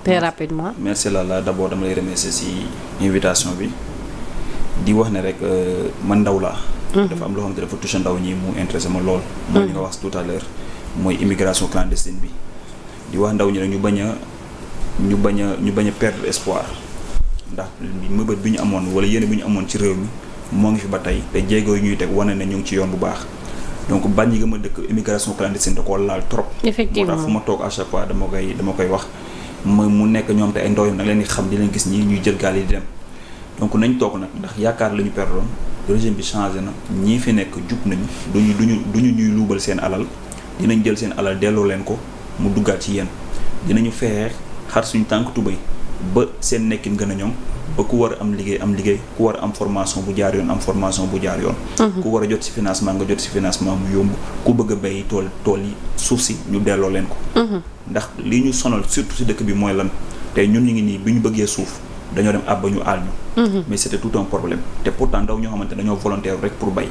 très rapidement. merci Lalla d'abord dama lay remercier ci invitation bi di wax ne rek euh, man ndaw laa. Mhm. dafa am loo xamante dafa touché ndaw ñi mu intéressé ma lool. mooy li mhm. nga wax tout à l'heure mooy immigration clandestine bi di wax ndaw ñi rek ñu bañ a ñu bañ a ñu bañ a perdre espoir ndax mëbët bi ñu amoon wala yéene bi ñu amoon ci réew mi moo ngi fi ba tey te jéego yi ñuy teg wane ne ñu ngi ci yoon bu baax. donc bàññi nga ma dëkk immigration clandestine da koo laal trop. effectivement moo tax fu ma toog à chaque fois dama koy dama koy wax mooy mu nekk ñoom te ay ndaw yi nag leen di xam di leen gis ñii ñuy jël gaal yi dem donc nañ toog nag ndax yaakaar la ñu perdoon bi changé na ñii fi nekk jub nañu du du ñu ñu du ñu ñuy luubal seen alal dinañ jël seen alal delloo leen ko mu duggaat ci yéen dinañu fexe xar suñu tànk tubéy ba seen nekkin gën a ñoŋ ba ku war a am liggéey ku war a am formation bu jaar yoon am formation bu jaar yoon mhm. ku war a jot ci financement nga jot ci financement mu yomb ku bëgg a béy tool tool yi suuf si ñu delloo leen ko mhm. ndax li ñu sonal surtout ci dëkk bi mooy lan tey ñun ñu ngi nii bi ñu bëggee suuf dañoo dem àbba ñu aal ñu mhm. mais c'était tout un problème te pourtant ndaw ñoo xamante dañoo volontaire rek pour bay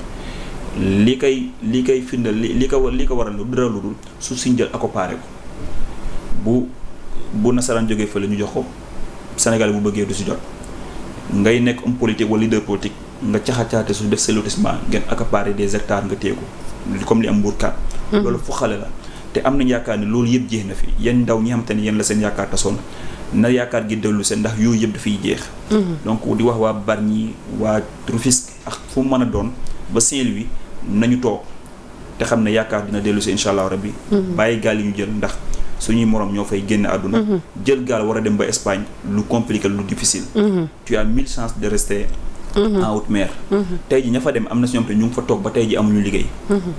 li koy li koy firndal li li ko li ko waral lu dara lu dul suuf si ñu jël accoparé ko bu bu ñu jox ko Sénégal bu bëggee du si jot ngay nekk homme politique wala leader politique nga caxacaate su def sa lotissement ngeen accaparer des hectares nga téye ko comme li am mbuurkat hmm. loolu fu xale la te am nañ yaakaar ne loolu yëpp jeex na fi yéen ndaw ñi xam te ne yéen la seen yaakaar tasoon na yaakaar gi dellu seen ndax yooyu yëpp dafay jeex hmm. donc di wax waa Bargny waa Rufisque ak fu mën a doon ba Saint-Louis nañu toog te xam ne yaakaar dina dellu si incha allah rabbi hmm. bàyyi gaal yi ñu jël ndax suñuy morom ñoo fay génn àdduna mhm. jël gaal war a dem ba Espagne lu compliqué lu difficile mhm. tu as mille chances de rester mhm. en haute mer tey ji ña fa dem am na si ñoom te ñu ngi fa toog ba tey ji amuñu liggéey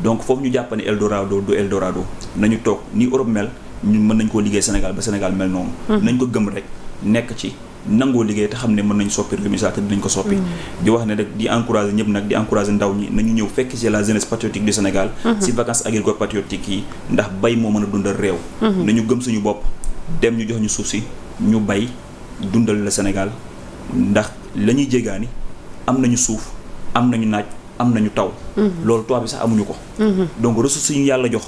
donc foofu ñu jàpp ne Eldorado du Eldorado nañu toog ni Europe mel mën nañ koo liggéey Sénégal ba Sénégal mel noonu nañ ko gëm rek nekk ci nangoo liggéey te xam ne mën nañ soppi réew mi sax te dinañ ko soppi mm. di wax ne rek di encourager ñëpp nag di encourager ndaw ñi nañu ñëw fekk ci la jeunesse patriotique mm-hmm. yi ndax bay moo mën a dundal réew mm-hmm. nañu gëm suñu bopp dem ñu jox ñu suuf si ñu bay dundal la Sénégal ndax la ñuy jégaani am nañu suuf am nañu naaj am nañu taw mm-hmm. loolu tubaab bi sax amuñu ko donc ressources yi yàlla jox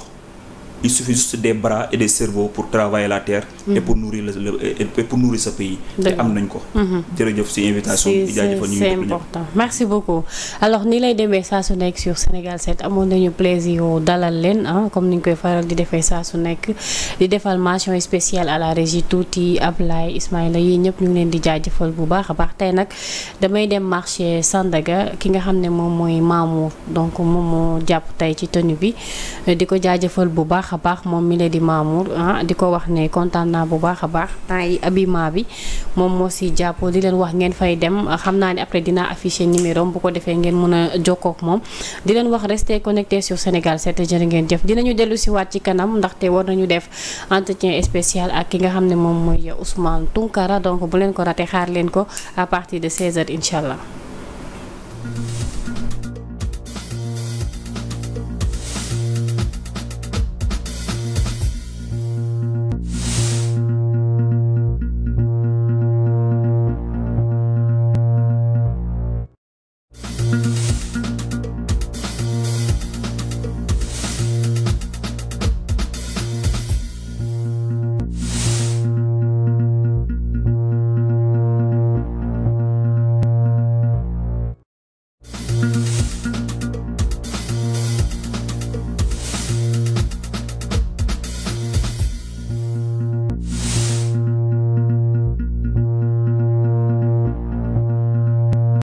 il suffit juste des bras et des cerveaux pour travailler la terre. Mm-hmm. et pour nourrir le et pour nourrir ce pays. te am nañ ko. Mm-hmm. jërëjëf ci invitation bi jaajëfal ñu c'est important merci beaucoup. alors ni lay demee saa su nekk sur Sénégal set amoon nañu plaisir dalal leen comme ni ñu koy faral di defee saa su nekk di defal mention spéciale à la régie tuuti Ablaye Ismaïla yii ñëpp ñu ngi leen di jaajëfal bu baax baax tey nag damay dem marché Sandaga ki nga xam ne moom mooy Mamour donc moom moo jàpp tey ci tenue bi di ko jaajëfal bu baax. baax moom mi la di Mamour ah di ko wax ne kontaan naa bu baax a baax temps yi habillement bi moom moo si jàpp di leen wax ngeen fay dem xam naa ne après dinaa affiché numéro bu ko defee ngeen mën a jokkoo moom di leen wax restez connecté sur Sénégal 7 jërë ngeen jëf dinañu dellu si waat ci kanam ndaxte war nañu def entretien spécial ak ki nga xam ne moom mooy Ousmane Tounkara donc bu leen ko rate xaar leen ko à partir de 16h incha allah.